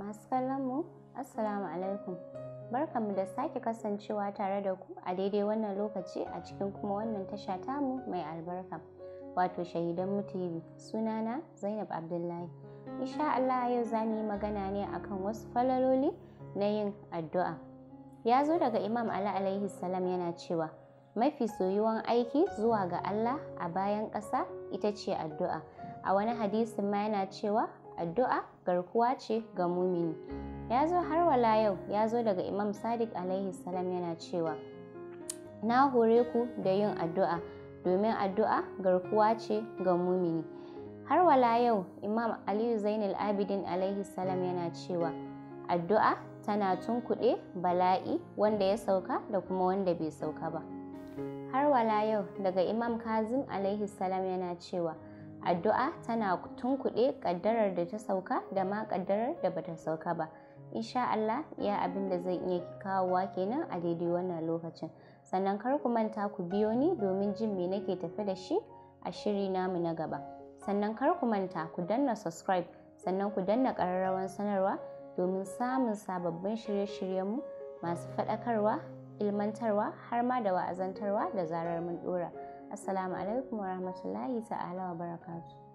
masu kallon mu assalamu alaikum barkanmu da sake kasancewa tare da ku a daidai wannan lokaci a cikin kuma wannan tasha tamu mai albarka wato shahidan mu tv sunana zainab abdullahi insha Allah yau za mu yi magana ne akan wasu falaloli na yin addu'a ya zo daga imam ali alaihi salam yana cewa mafi soyuwan aiki zuwa ga Allah a bayan ƙasa ita ce addu'a a wani hadisin ma yana cewa addu'a garkuwa ce ga mumini ya zo har wala yau ya zo daga imam sadiq alaihi salam yana cewa na hore ku da yin addu'a domin addu'a garkuwa ce ga mumini har wala yau imam aliyu zainal abidin alaihi salam yana cewa addu'a tana tunkuɗe bala'i wanda ya sauka da kuma wanda bai sauka ba har wala yau daga imam kazim alaihi salam yana cewa addu'a tana tunkuɗe ƙaddarar da ta sauka da ma ƙaddarar da bata sauka ba insha Allah ya abin da zan iya kawowa kenan a daidai wannan lokacin sannan kar ku manta ku biyo ni domin jin me nake tafe da shi a shiri namu na gaba sannan kar ku manta ku danna subscribe sannan ku danna ƙararrawan sanarwa domin samun sababbin shirye-shiryenmu masu faɗakarwa ilmantarwa har ma da wa'azantarwa da zarar mun ɗora. Assalamu alaikum wa rahmatullahi ta'ala wa barakatuh.